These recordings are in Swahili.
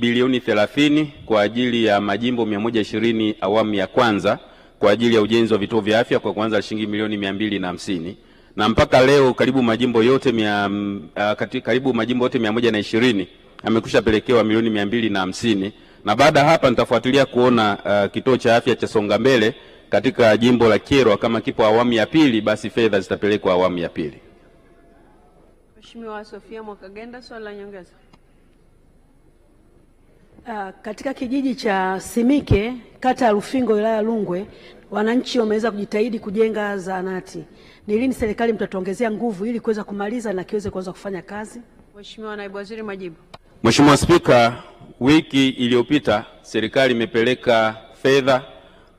bilioni 30 kwa ajili ya majimbo 120 awamu ya kwanza kwa ajili ya ujenzi wa vituo vya afya kwa kuanza shilingi milioni 250 na mpaka leo karibu majimbo yote mia, uh, karibu majimbo yote 120 amekwisha pelekewa milioni mbili na, na baada ya hapa nitafuatilia kuona uh, kituo cha afya cha Songa Mbele katika jimbo la Kyerwa kama kipo awamu ya pili, basi fedha zitapelekwa awamu ya pili. Mheshimiwa Sofia Mwakagenda, swali la nyongeza. Uh, katika kijiji cha Simike kata ya Rufingo wilaya Rungwe wananchi wameweza kujitahidi kujenga zahanati. Ni lini serikali mtatuongezea nguvu ili kuweza kumaliza na kiweze kuanza kufanya kazi? Mheshimiwa Naibu Waziri, majibu. Mheshimiwa Spika, wiki iliyopita serikali imepeleka fedha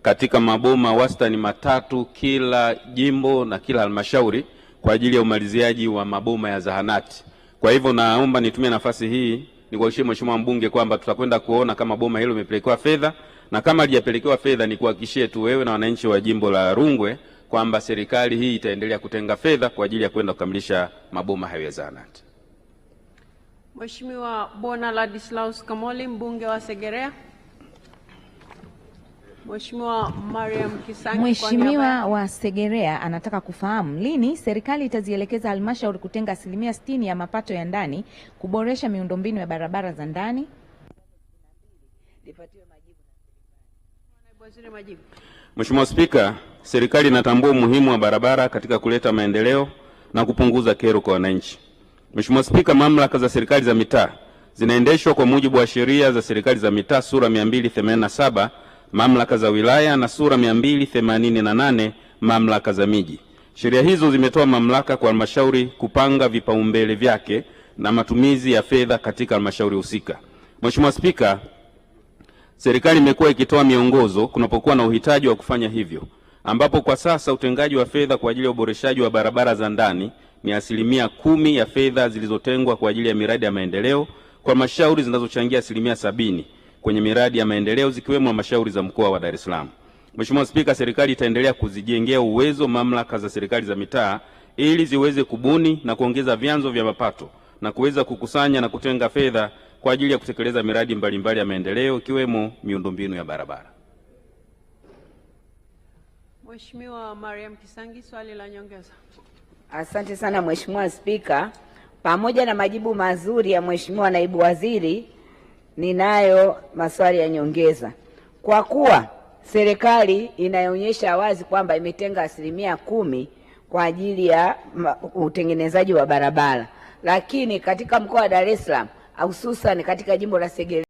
katika maboma wastani matatu kila jimbo na kila halmashauri kwa ajili ya umaliziaji wa maboma ya zahanati. Kwa hivyo naomba nitumie nafasi hii nikuhakikishie mheshimiwa mbunge kwamba tutakwenda kuona kama boma hilo limepelekewa fedha, na kama lijapelekewa fedha, nikuhakikishie tu wewe na wananchi wa jimbo la Rungwe kwamba serikali hii itaendelea kutenga fedha kwa ajili ya kwenda kukamilisha maboma hayo ya zahanati. Mheshimiwa Bona Ladislaus Kamoli, mbunge wa Segerea. Mheshimiwa Mariam Kisangi, Mheshimiwa wa Segerea anataka kufahamu lini serikali itazielekeza halmashauri kutenga asilimia sitini ya mapato ya ndani kuboresha miundombinu ya barabara za ndani. Mheshimiwa Spika, serikali inatambua umuhimu wa barabara katika kuleta maendeleo na kupunguza kero kwa wananchi. Mheshimiwa Spika, mamlaka za serikali za mitaa zinaendeshwa kwa mujibu wa sheria za serikali za mitaa sura 287 mamlaka za wilaya na sura 288 mamlaka za miji. Sheria hizo zimetoa mamlaka kwa halmashauri kupanga vipaumbele vyake na matumizi ya fedha katika halmashauri husika. Mheshimiwa Spika, serikali imekuwa ikitoa miongozo kunapokuwa na uhitaji wa kufanya hivyo, ambapo kwa sasa utengaji wa fedha kwa ajili ya uboreshaji wa barabara za ndani ni asilimia kumi ya fedha zilizotengwa kwa ajili ya miradi ya maendeleo kwa halmashauri zinazochangia asilimia sabini kwenye miradi ya maendeleo zikiwemo halmashauri za mkoa wa Dar es Salaam. Mheshimiwa Spika, serikali itaendelea kuzijengea uwezo mamlaka za serikali za mitaa ili ziweze kubuni na kuongeza vyanzo vya mapato na kuweza kukusanya na kutenga fedha kwa ajili ya kutekeleza miradi mbalimbali mbali ya maendeleo ikiwemo miundombinu ya barabara. Mheshimiwa Mariam Kisangi, swali la nyongeza. Asante sana Mheshimiwa Spika, pamoja na majibu mazuri ya Mheshimiwa naibu waziri ninayo maswali ya nyongeza kwa kuwa serikali inaonyesha wazi kwamba imetenga asilimia kumi kwa ajili ya utengenezaji wa barabara, lakini katika mkoa wa Dar es Salaam hususan katika jimbo la Segerea